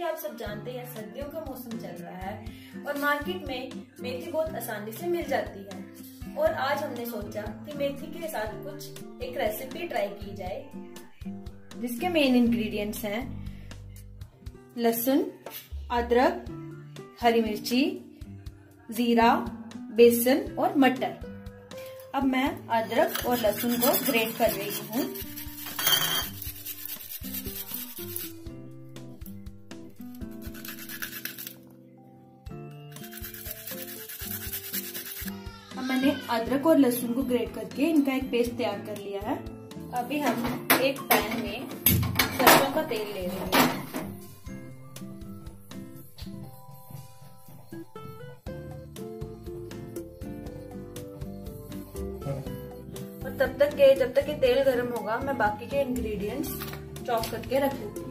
कि आप सब जानते हैं सर्दियों का मौसम चल रहा है और मार्केट में मेथी बहुत आसानी से मिल जाती है और आज हमने सोचा कि मेथी के साथ कुछ एक रेसिपी ट्राई की जाए जिसके मेन इंग्रेडिएंट्स हैं लहसुन अदरक हरी मिर्ची जीरा बेसन और मटर अब मैं अदरक और लहसुन को ग्रेट कर रही हूँ हमने अदरक और लहसुन को ग्रेट करके इनका एक पेस्ट तैयार कर लिया है अभी हम एक पैन में सरसों का तेल ले रहे हैं और तब तक के जब तक ये तेल गर्म होगा मैं बाकी के इंग्रेडिएंट्स चॉप करके रखूंगी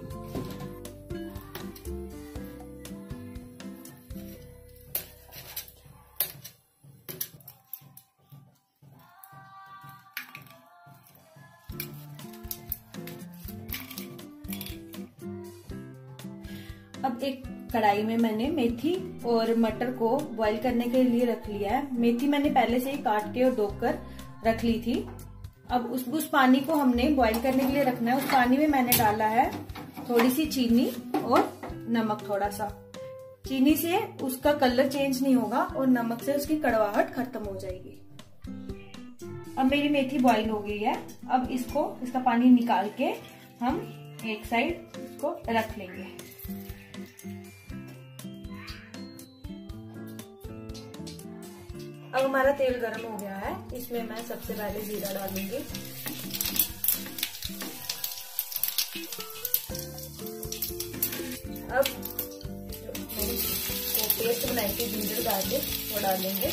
अब एक कढ़ाई में मैंने मेथी और मटर को बॉईल करने के लिए रख लिया है मेथी मैंने पहले से ही काट के और धोख कर रख ली थी अब उस उस पानी को हमने बॉईल करने के लिए रखना है उस पानी में मैंने डाला है थोड़ी सी चीनी और नमक थोड़ा सा चीनी से उसका कलर चेंज नहीं होगा और नमक से उसकी कड़वाहट खत्म हो जाएगी अब मेरी मेथी बॉईल हो गई है अब इसको इसका पानी निकाल के हम एक साइड इसको रख लेंगे अब हमारा तेल गर्म हो गया है इसमें मैं सबसे पहले जीरा डालूंगी अब पेस्ट बनाई थी जिंजर गार्लिक वो डालेंगे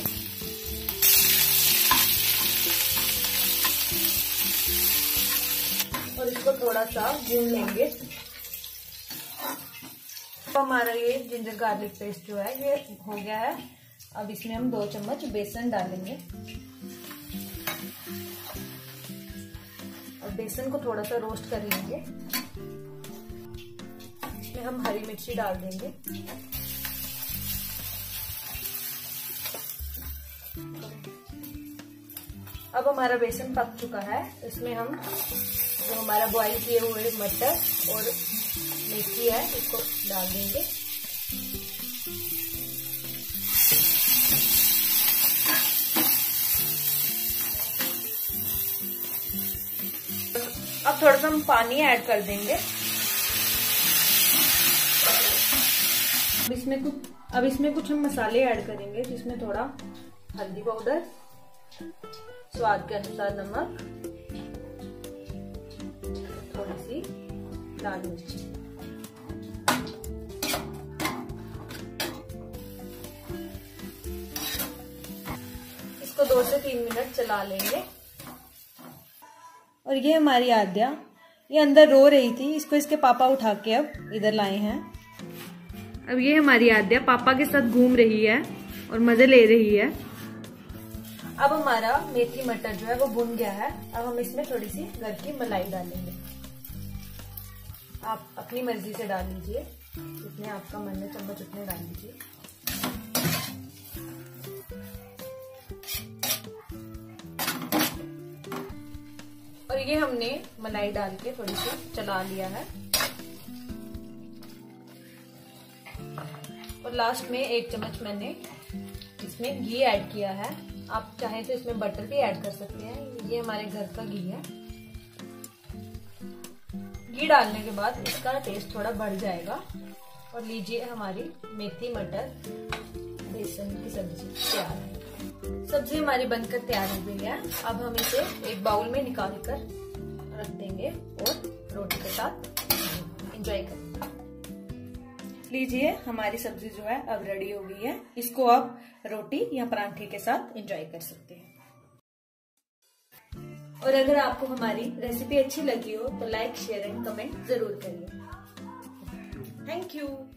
और इसको थोड़ा सा भून लेंगे तो हमारा ये जिंजर गार्लिक पेस्ट जो है ये हो गया है अब इसमें हम दो चम्मच बेसन डालेंगे और बेसन को थोड़ा सा रोस्ट कर लेंगे इसमें हम हरी मिर्ची डाल देंगे अब हमारा बेसन पक चुका है इसमें हम जो हमारा बॉईल किए हुए मटर और मेथी है इसको डाल देंगे अब थोड़ा सा हम पानी ऐड कर देंगे अब इसमें कुछ अब इसमें कुछ हम मसाले ऐड करेंगे जिसमें थोड़ा हल्दी पाउडर स्वाद के अनुसार नमक थोड़ी सी लाल मिर्ची इसको दो से तीन मिनट चला लेंगे और ये हमारी आद्या ये अंदर रो रही थी इसको इसके पापा उठा के अब इधर लाए हैं अब ये हमारी आद्या पापा के साथ घूम रही है और मजे ले रही है अब हमारा मेथी मटर जो है वो भुन गया है अब हम इसमें थोड़ी सी घर की मलाई डालेंगे आप अपनी मर्जी से डाल लीजिए जितने आपका मन है चम्मच उतने डाल लीजिए ये हमने मलाई डाल के थोड़ी सी चला लिया है और लास्ट में एक चम्मच मैंने इसमें घी ऐड किया है आप चाहें तो इसमें बटर भी ऐड कर सकते हैं ये हमारे घर का घी है घी डालने के बाद इसका टेस्ट थोड़ा बढ़ जाएगा और लीजिए हमारी मेथी मटर बेसन की सब्जी तैयार है सब्जी हमारी बनकर तैयार हो गई है अब हम इसे एक बाउल में निकाल कर रख देंगे और रोटी के साथ एंजॉय करेंगे लीजिए हमारी सब्जी जो है अब रेडी हो गई है इसको आप रोटी या परांठे के साथ एंजॉय कर सकते हैं और अगर आपको हमारी रेसिपी अच्छी लगी हो तो लाइक शेयर एंड कमेंट जरूर करिए थैंक यू